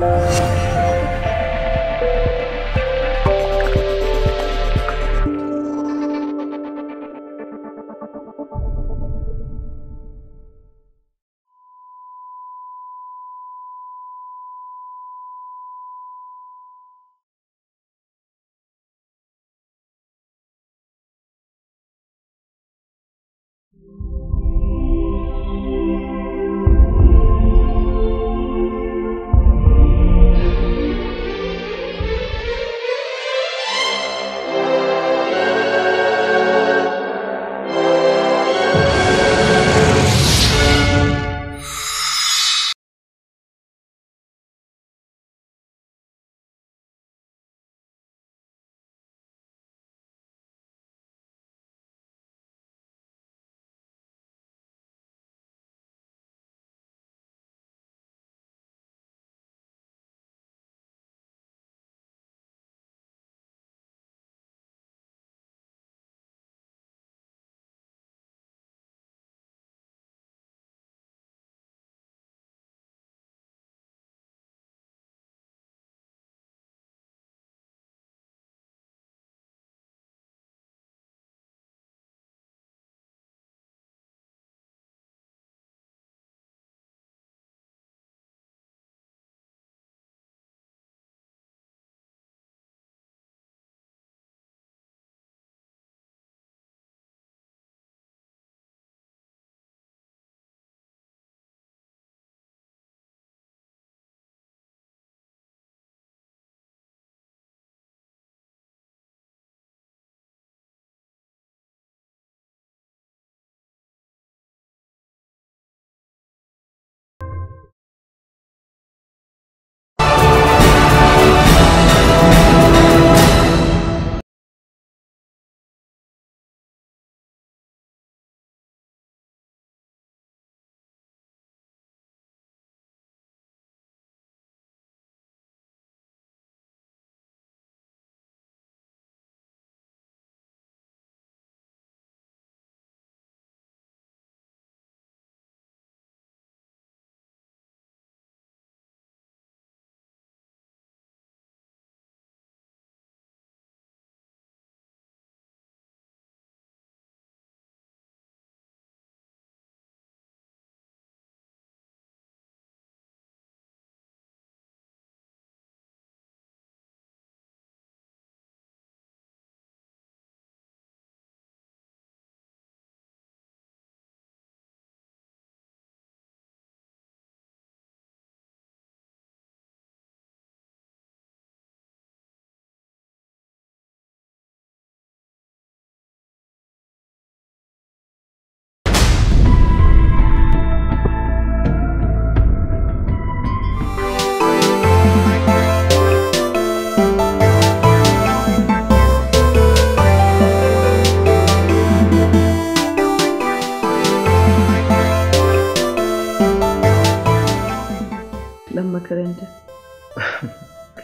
Thank you.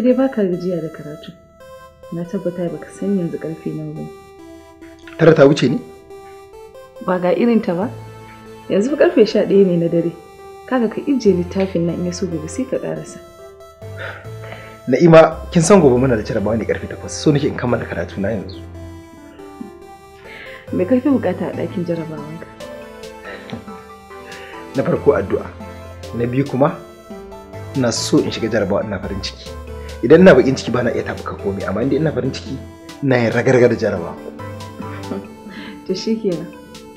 sai dai baka gajiya da karatu na tabbata baka san yanzu karfe nawa ba tara ta wuce ne ba ga irin ta ba yanzu fa karfe sha ɗaya ne na dare kaga ka ije littafin nan in ya gobe sai ka karasa na'ima kin san gobe muna da jarabawa ne karfe takwas so nake in kammala karatu na yanzu me karfi bukata a ɗakin ka? na farko addu'a na biyu kuma ina so in shiga jarabawa ina farin ciki idan ina bakin ciki ba na iya komai amma inda ina farin ciki ina yin ragarga da jaraba to shikenan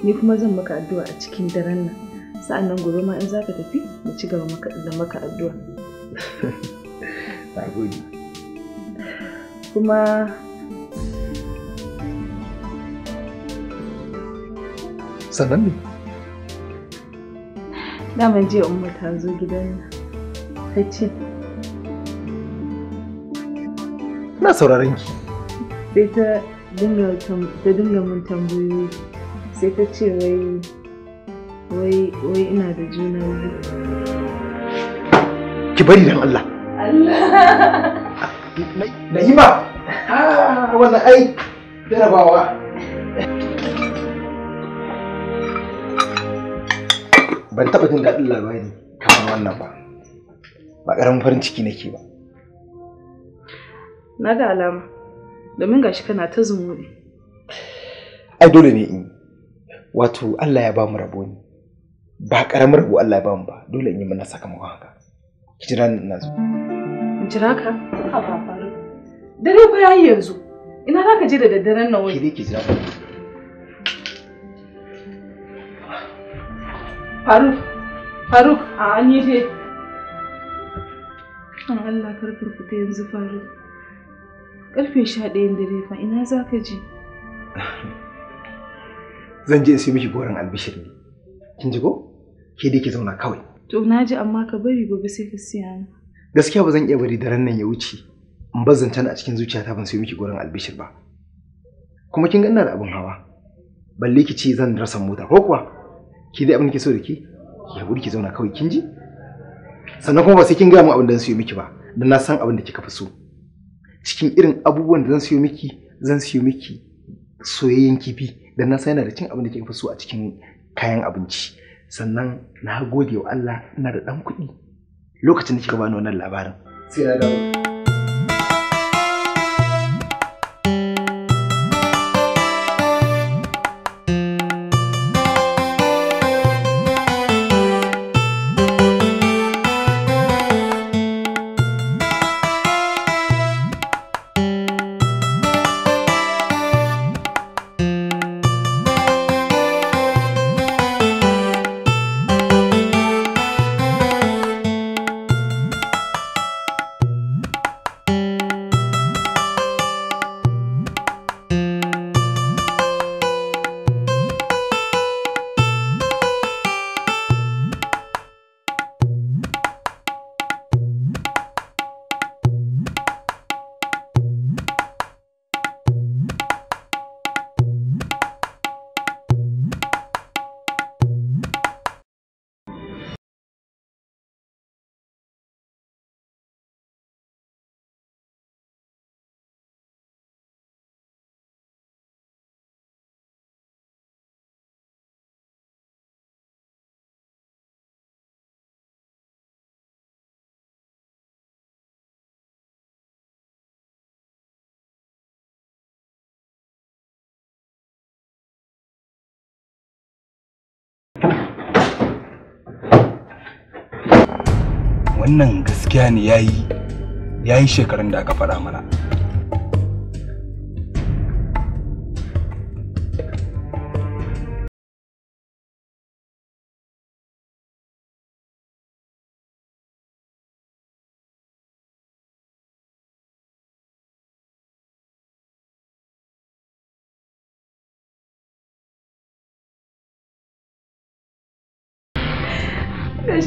ni kuma zan maka addu'a a cikin daren nan sa'an nan gobe ma in za ka tafi mu ci gaba da maka addu'a na kuma sannan ne daman jiya umma ta zo gidan nan ta ina sauraron ki sai ta dinga mun tambayoyi sai ta ce wai wai wai ina da juna biyu ki bari dan Allah Allah Na'ima wannan ai jarabawa ban taɓa jin daɗin labari kamar wannan ba ba ƙaramin farin ciki nake ba na ga alama domin ga shi kana ta zumuɗi ai dole ne in wato Allah ya ba mu rabo ne ba karamin rabo Allah ya ba mu ba dole in yi mana sakamakon haka ki jira ni ina zo in jira ka ha ba faru dare ba yayi yanzu ina za ka je da daddaren nan wai ki dai ki jira Faruk Faruk a an yi dai Allah karkar fita yanzu faru. Karfe sha ɗayan dare fa ina za ka je? Zan je sai miki goron albishir ne. Kin ji ko? Ke da ki zauna kawai. To na ji amma ka bari gobe sai ka siya ni. Gaskiya ba zan iya bari daren nan ya wuce. In bar zanta a cikin zuciyata ban sai miki goron albishir ba. Kuma kin ga ina da abin hawa. Balle ki ce zan rasa mota ko kuwa? Ki dai abin ke so da ki? Ki haƙuri ki zauna kawai kin ji? Sannan kuma ba sai kin gaya min abin da zan siyo miki ba. Dan na san abin da kika fi so. cikin irin abubuwan da zan siyo miki zan siyo miki soyayyen kifi da na san yana da cin abin da ke fi so a cikin kayan abinci sannan na gode wa Allah ina da ɗan kuɗi lokacin da kika bani wannan labarin sai na dawo wannan gaskiya ne yayi yayi shekarun da aka fara mana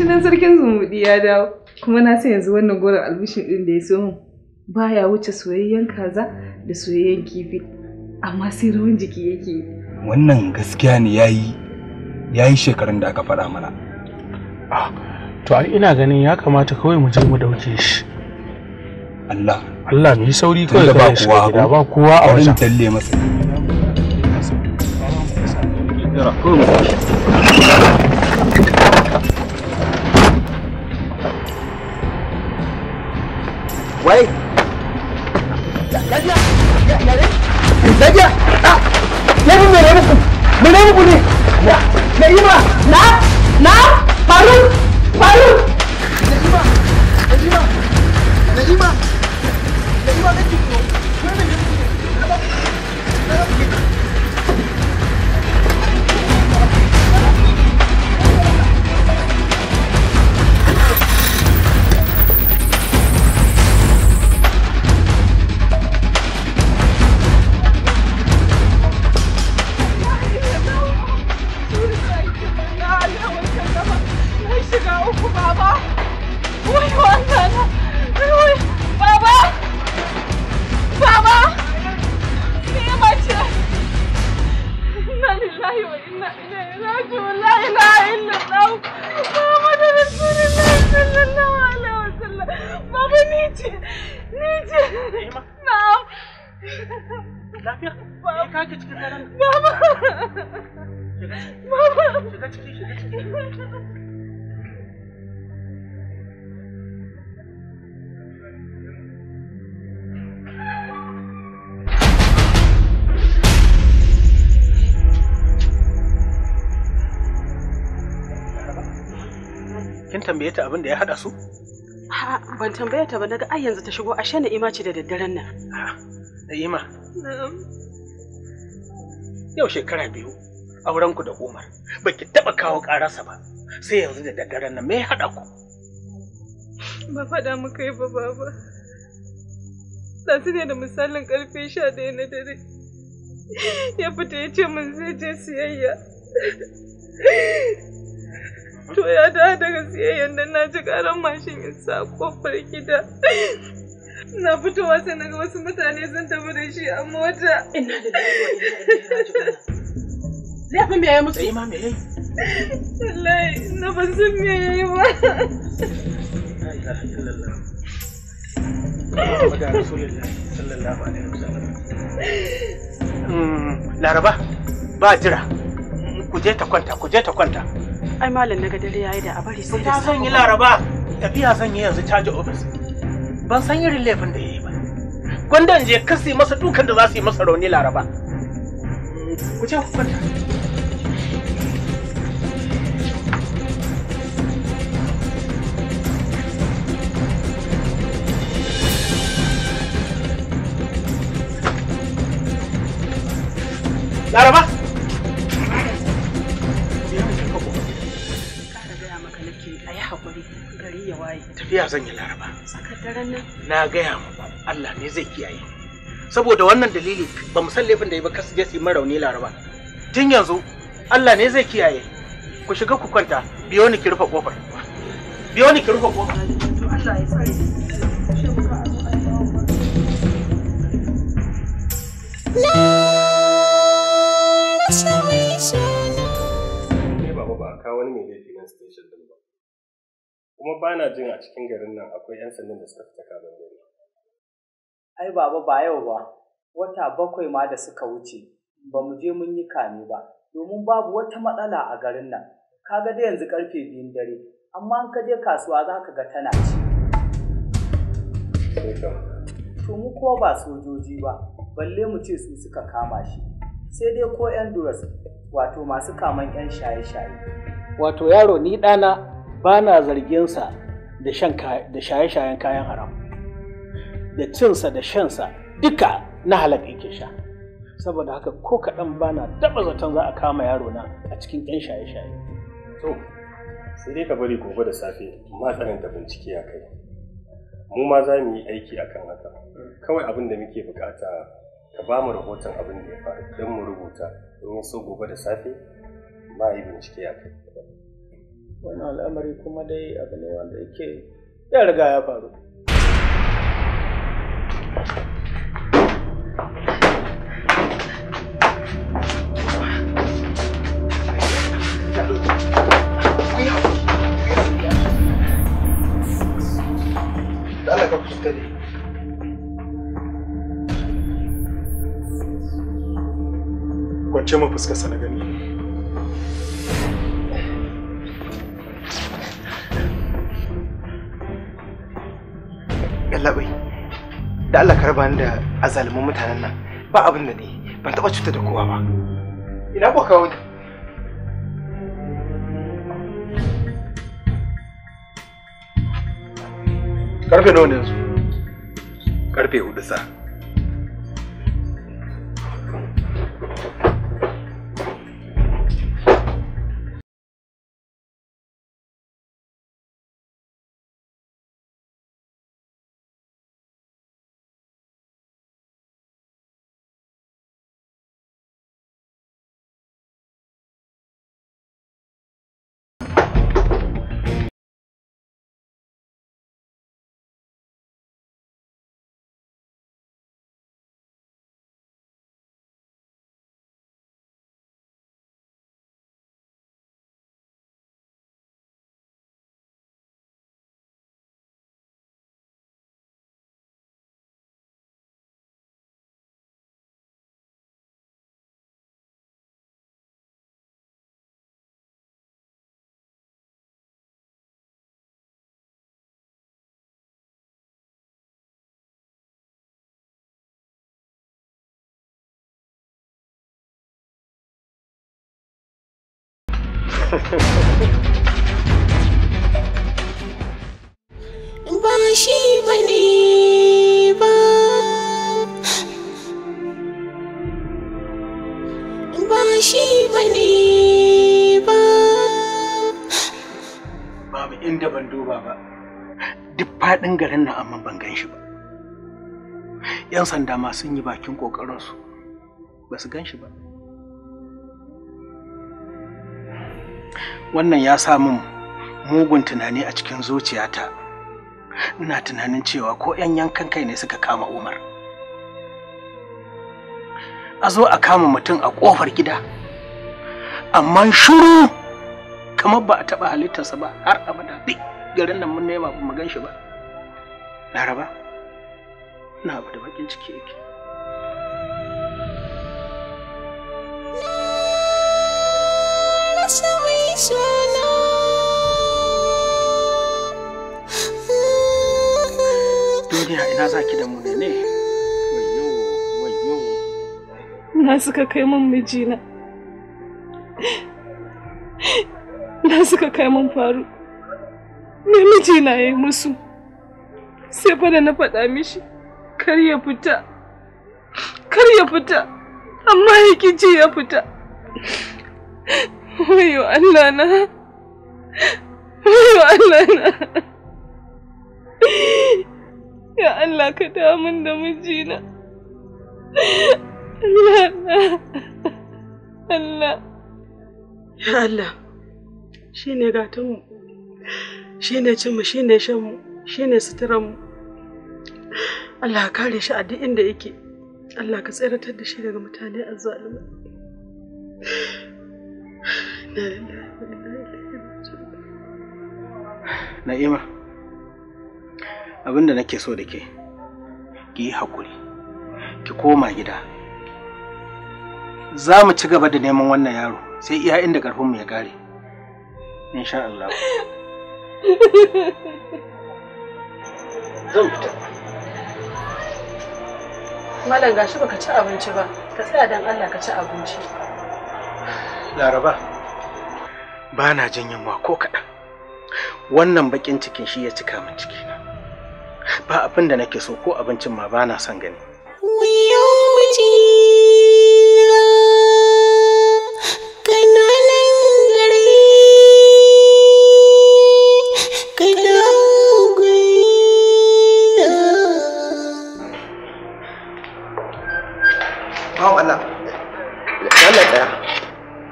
nan sarkin zumuɗi ya dawo kuma na san yanzu wannan goron albishin ɗin da ya so min baya wuce soyayyen kaza da soyayyen kifi amma sai rawan jiki yake yi wannan gaskiya ne yayi yayi shekarun da aka faɗa mana ah, to ai ina ganin ya kamata kawai mu je mu dauke shi Allah Allah mu yi sauri kawai ba kowa ba kowa a wajen talle masa wai lafiya lafiya ah lafiya mere muku mere muku ne na na faru faru Yarima Yarima Yarima Yarima tambaye ta abin da ya haɗa su? Ban tambaye ta ba daga ai yanzu ta shigo ashe na ima ce da daddaren nan. Da ima? Yau shekara biyu auren ku da Umar ki taɓa kawo ƙararsa ba sai yanzu da daddaren nan me ya haɗa ku? Ba faɗa muka yi ba baba. Sasi ne da misalin ƙarfe sha ɗaya na dare. Ya fita ya ce min zai je siyayya. to ya da daga siyayyan nan na ji karan mashin isa kofar gida na fitowa sai naga wasu mutane sun tafi da shi a mota ina da laifin me ya mutu sai eh, ma me yayi wallahi na ban san me yayi ba hmm, Laraba, ba jira, ku je ta kwanta, ku je ta kwanta. ai malam daga dare yayi da a bari sai da zan yi laraba tafiya zan yi yanzu caji ofis ban san yin laifin da yayi ba gwandan je kasi masa dukan da za su yi masa rauni laraba ku je ku kwanta Laraba! tafiya zan yi laraba na gaya mu Allah ne zai kiyaye saboda wannan dalili ba mu san laifin da ya ba kasu jesi su rauni laraba tun yanzu Allah ne zai kiyaye ku shiga ku kwanta biyo ni ki rufe kofar biyo ni ki rufe kofar Allah ya tsare ba. kuma ba na jin a cikin garin nan akwai 'yan sandan da suka fita kaban gari. Ai baba ba yau ba, wata bakwai ma da suka wuce, ba mu je mun yi kame ba, domin babu wata matsala a garin nan. Ka ga dai yanzu karfe biyun dare, amma in ka je kasuwa za ka ga tana ci. To mu kuma ba sojoji ba, balle mu ce su suka kama shi. Sai dai ko 'yan duras, wato masu kaman 'yan shaye-shaye. Wato yaro ni ɗana ba na zarginsa da shaye-shayen kayan haram da cinsa da shansa duka na halak yake sha saboda haka ko kaɗan ba na taɓa zaton za a kama yaro na a cikin 'yan shaye-shaye to sai dai ka bari gobe da safe ma tsananta bincike ya kai mu ma za mu yi aiki akan haka kawai abin da muke bukata ka ba mu rahoton abin da ya faru don mu rubuta domin so gobe da safe ma yi bincike ya kai wannan al'amari kuma dai abu ne wanda yake ya riga ya faru Kwance mu na gani. labai da Allah karba ni da azalumin mutanen nan ba abin da ne ban taba cuta da kowa ba ina ko kawo karfe nawa ne yanzu karfe hudu sa ba shi ba ne ba ba shi ba ne ba babu inda ban duba ba duk faɗin garin nan amma ban gan shi ba yan sanda ma sun yi bakin ƙoƙarinsu ba su gan shi ba wannan ya sa min mugun tunani a cikin zuciyata ina tunanin cewa ko 'yan yankan kai ne suka kama umar a zo a kama mutum a ƙofar gida amma shiru kamar ba a taɓa halittarsa ba har abada duk garin nan mun nema ba mu gan shi ba laraba na abu bakin ciki yake duniya ina za ki da mu ne ne na suka kai min mijina na suka kai min faru me mijina ya yi musu sai fa da na faɗa mishi kar ya fita kar ya fita amma ya kici ya fita wayo Allah na wayo Allah na ya Allah ka damun da mijina Allah Allah ya Allah shi ne gatanmu shi ne cinmu shi ne shanmu shi ne suturanmu Allah ka kare shi a duk inda yake Allah ka tseratar da shi daga mutane a zalima Na'ima abinda nake so da ke ki yi haƙuri ki koma gida za mu ci gaba da neman wannan yaro sai iya inda ƙarfinmu ya ƙare insha Allah zan fita malam gashi baka ci abinci ba ka tsaya don Allah ka ci abinci laraba ba na jin yunwa ko kaɗan wannan baƙin cikin shi ya cika min cikina ba abin da nake so ko abincin ma ba na son gani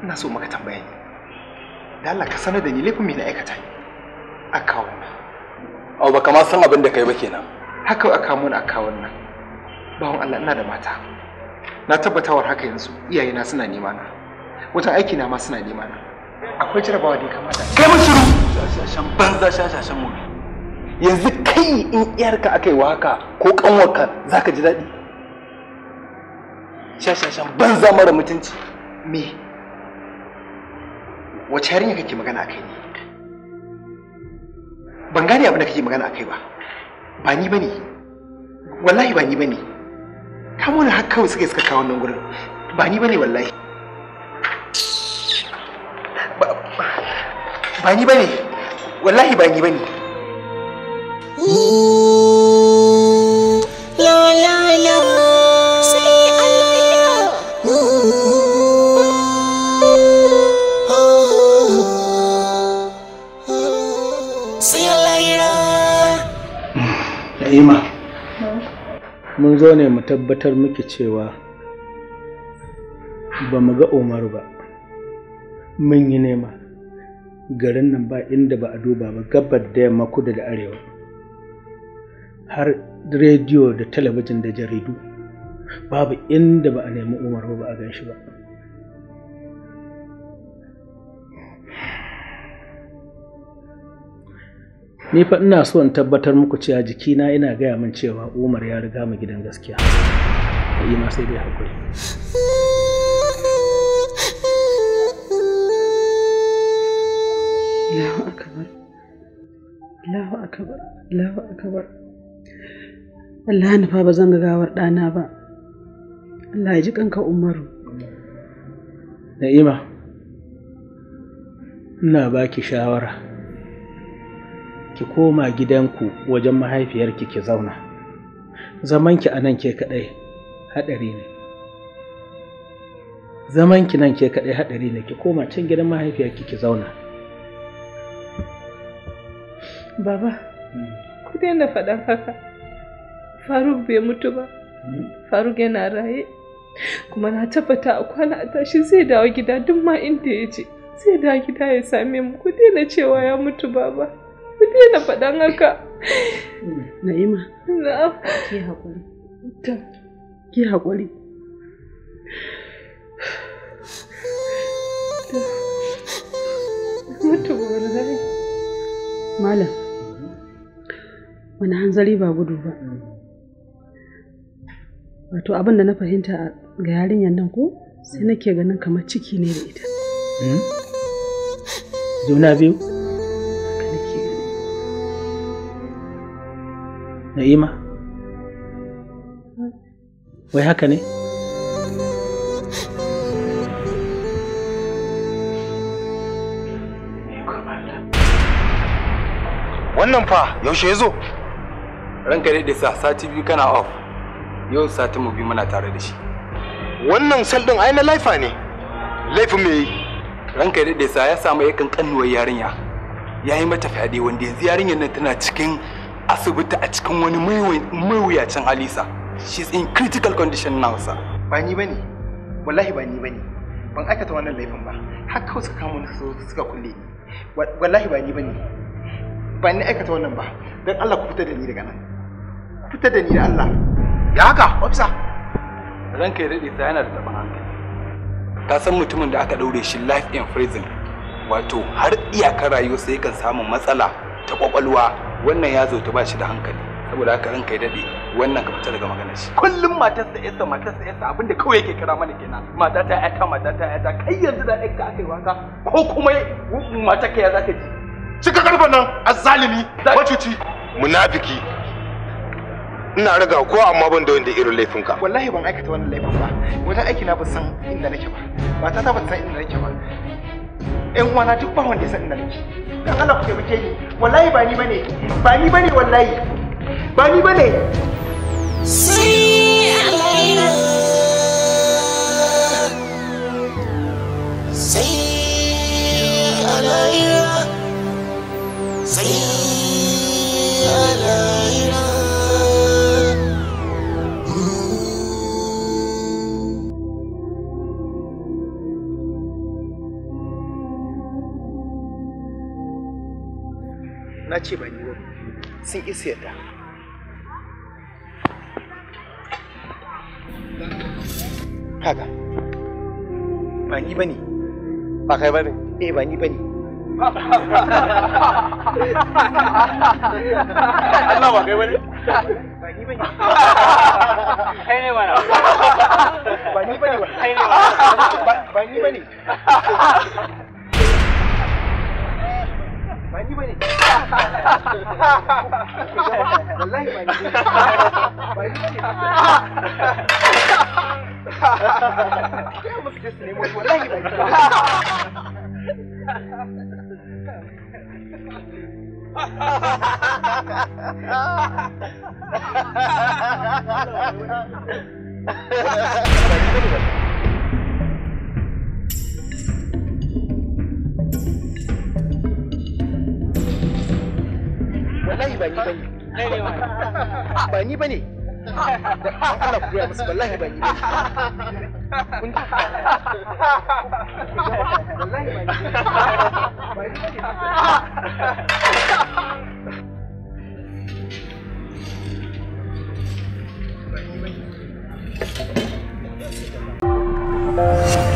Ina so maka tambaya Da Allah ka sanar da ni laifin me na aikata ne. baka ma san abin da kai ba kenan haka aka mun a akawun nan bawon Allah ina da mata na tabbatawar haka yanzu iyayena suna nema na wajen aiki na ma suna nema na akwai jarabawa da ya kamata kai mun shiru shashan banza shashan mu yanzu kai in iyarka aka yi haka ko kanwarka zaka ji daɗi shashashan banza mara mutunci me wace yarinya kake magana akai ne ban gane abin da kake magana akai ba ba ni bane wallahi ba ni bane ka mun har kawai suka suka kawo nan gurin ba ni bane wallahi ba ni bane wallahi ba ni bane zo ne mu tabbatar muke cewa ba mu ga Umar ba mun yi nema garin nan ba inda ba a duba ba gabar da yamma kudu da arewa har rediyo da talabijin da jaridu babu inda ba a nemi Umar ba ba a ganshi ba ni fa ina so in tabbatar muku cewa jikina ina gaya min cewa umar ya riga mu gidan gaskiya yi ma sai dai hakuri Allahu akbar Allahu akbar Allahu akbar Allah ni fa ba zan ga gawar dana ba Allah ya ji kanka Umaru Na'ima ina baki shawara ki koma gidanku wajen mahaifiyarki ki zauna zamanki a nan ke kaɗai haɗari ne zamanki nan ke kaɗai haɗari ne ki koma can gidan mahaifiyarki ki zauna baba hmm. ku daina faɗan haka faruk bai mutu ba hmm. faruk yana raye kuma na tabbata a kwana a tashi zai dawo gida duk ma inda ya je zai dawo gida ya same mu ku daina cewa ya mutu baba na faɗa haka. Na'ima. Na'am. Ki haƙuri. Ki haƙuri. Mutu wallahi. Malam. Wani hanzari ba gudu ba. Wato abin da na fahimta ga yarinyar nan ko sai nake ganin kamar ciki ne da ita. Hmm? Juna biyu? Na'ima? Wai haka ne? Wannan fa yaushe ya zo? Ranka dai da sa sati biyu kana off. Yau sati mu biyu muna tare da shi. Wannan sal din ai na laifa ne. Laifin me yi? Ranka dai da sa ya samu yakan kannuwar yarinya. Ya yi mata fyaɗe wanda yanzu yarinyar nan tana cikin asibiti a cikin wani mawuyacin alisa she's in critical condition now sir. ba ni bane wallahi ba ni bane ban aikata wannan laifin ba haka kawai suka kama su suka kulle ni wallahi ba ni bane ba ni aikata wannan ba don Allah ku fitar da ni daga nan fitar da ni da Allah ya haka officer ranka ya dade sai yana da taɓin hankali ka san mutumin da aka daure shi life in prison wato har iyakar rayuwarsa yakan samu matsala ta ƙwaƙwalwa wannan ya zo ta ba shi da hankali saboda haka ranka ya dade wannan ka fita daga maganar shi kullum sa yasa sa yasa abinda kawai yake kira mana kenan mata ta yata mata ta yata kai yanzu da aika aka yi wasa ko kuma mata ka ya za ka ji cika karfan nan azzalimi macuci munafiki ina riga ko amma ban da wanda irin laifin ka wallahi ban aikata wannan laifin ba wajen aiki na ba san inda nake ba mata ta ba san inda nake ba ƴan uwana duk ba wanda ya san inda nake dan Allah ku taimake ni wallahi ba ni bane ba ni bane wallahi ba ni bane na ce ba ni ba sun isa yadda kaga ba ni ba ne ba kai ba ne eh ba ni ba ne Allah ba kai ba ne ba ni ba ne kai ne mana ba ni ba ne ba kai ne ba ni ba ne ba ni ba ne the language. Kaya magdislimot, wala yung language. bayi bayi. Bayi bayi. Alah aku yang sebelah ni bayi bayi. Bayi bayi. Bayi bayi. Bayi bayi.